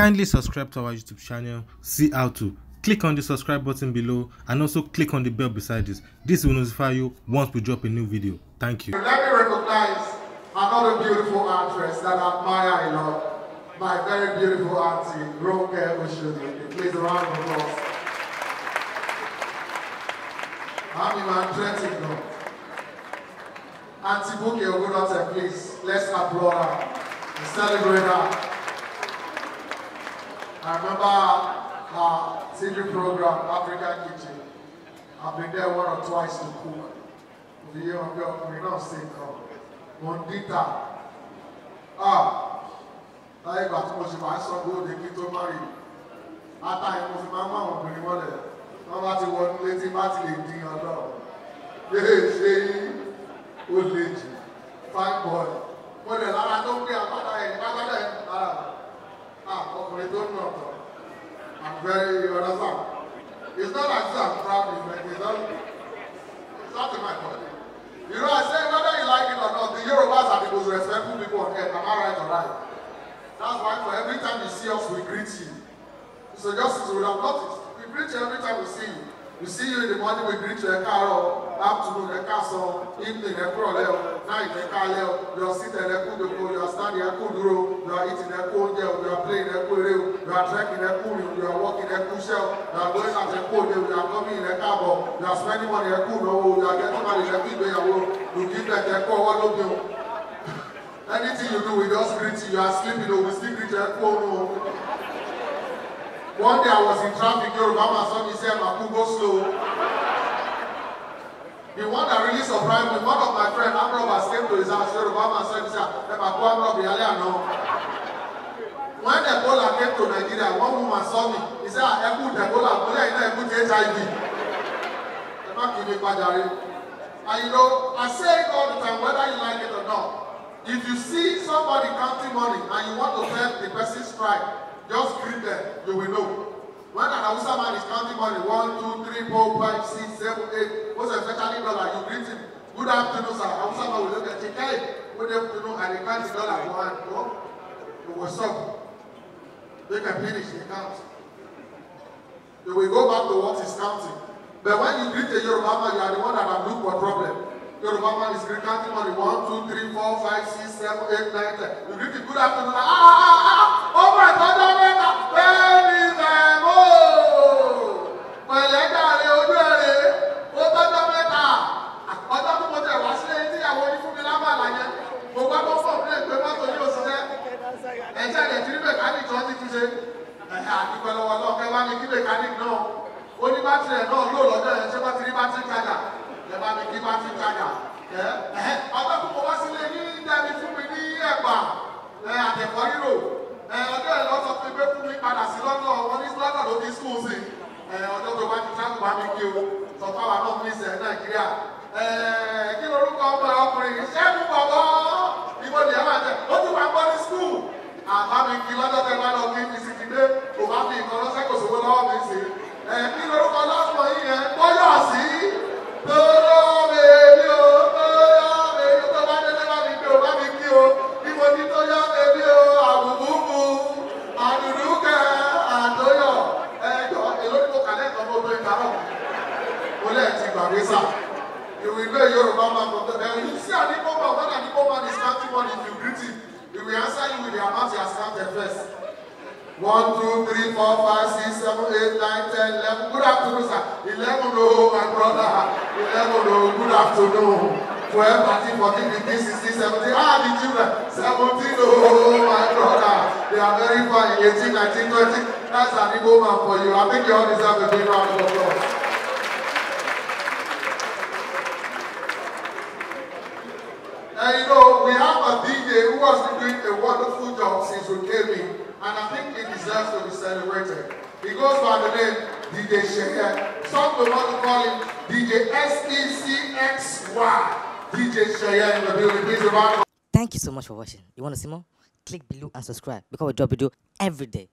Kindly subscribe to our YouTube channel, see how to. Click on the subscribe button below and also click on the bell beside this. This will notify you once we drop a new video. Thank you. Let me recognize another beautiful actress that I admire a lot. My very beautiful auntie, Roke Oshodi. Please a round of applause. I'm in my dressing room. Auntie Buke Ogunote, please, let's applaud her and celebrate her. I remember her TV program, African Kitchen. I've been there one or twice to cook. The year of we not say no. Mondita. Ah, I got to go to máa ń sọ bó de kí tó má rí ata yìí mo fi máa ń mọ àwọn obìnrin mọ́lẹ̀ wọ́n bá ti wọnú létí bá ti understand? It's not like this, I'm proud of it. It's not, it's not to my point. You know, I say whether you like it or not, the Yorubas are the most respectful people on earth. Am I right or right? That's why for every time you see us, we greet you. So just as we have noticed, we greet you every time we see you. We see you in the morning, we greet you, ẹ káàárọ̀, afternoon, ẹ káàsán, evening, ẹ kúrọ̀lẹ́ o, night, ẹ káalẹ́ o, you are sitting ẹ kú dòkó, you are standing, ẹ kú dúró, you are eating, ẹ kú oúnjẹ o, you are playing, ẹ kú eré o, you are drinking ẹ kú rìn, you are walking, ẹ kú iṣẹ́ o, you are going out, ẹ kú o, you are coming, ẹ káàbọ̀, you are spending money, ẹ kú ìnáwó o, you are getting money ẹ kú ìgbéyàwó o, you give birth, ẹ kú ọwọ́ lóde o. Anything you do, we just greet you, you are sleeping o, we still greet you, ẹ kú oorun o. One day I was in traffic, Yoruba my son, he said, Maku, go slow. The one that really surprised me, one of my friends, Amroba, came to his house, Yoruba my son, he said, Maku, Amroba, Yale, I know. When the Ebola came to Nigeria, one woman saw me. He said, Ebu, ah, Ebola, Ebola, you know, Ebu, HIV. And you know, I say it all the time, whether you like it or not. If you see somebody counting money and you want to help the person strike, Just greet them, you will know. When an Hausa man is counting money, one, two, three, four, five, six, seven, eight, most especially dollar, you greet him. Good afternoon, sir. Hausa man will look at you, hey, good afternoon, and he counts the dollar for hand. Oh, will stop. They can finish the count. You will go back to what is counting. But when you greet a Yoruba man, you are the one that have looked for problem. Yoruba man is greeting money, one, two, three, four, five, six, seven, eight, nine, ten. You greet him, good afternoon, ah, ah, ah, ah àjẹ̀ tí ní mẹkáníìkì wọn ti tún ṣe àdúgbò lọ́wọ́ náà kẹ́ bá mi kí mẹkáníìkì náà ó ní bátìrì ẹ̀ náà lò lọ́dọ̀ ẹ̀ ṣé bá bátìrì kájà ẹ bá mi kí bátìrì kájà ẹ ọgbẹ́ púpọ̀ wá sílé ní dẹ́ni fún mi ní ẹ̀gbà àtẹ̀kọ́ rírò ọjọ́ ẹ̀ lọ́sọ fún mi pé fún mi padà sí lọ́dọ̀ wọn ní lọ́dọ̀ ló fi skul sí ọjọ́ tó bá ti tábù bá mi kí o sọ fáwọn will know Yoruba man from there. Then you see an Igbo man, when an Igbo man is counting money, if you greet him, he will answer you with the amount he has counted first. One, two, three, four, five, six, seven, eight, nine, ten, eleven. Good afternoon, sir. Eleven, oh, my brother. Eleven, oh, good afternoon. Twelve, thirteen, fourteen, fifteen, sixteen, seventeen. Ah, the children. Seventeen, oh, my brother. They are very fine. Eighteen, nineteen, twenty. That's an Igbo man for you. I think you all deserve a big round of applause. a wonderful job since we came in, and I think he deserves to be celebrated. He goes by the name DJ Cheyenne. Some people want to call him DJ S-E-C-X-Y. DJ Cheyenne in the building. Please, a round Thank you so much for watching. You want to see more? Click below and subscribe because we drop video every day.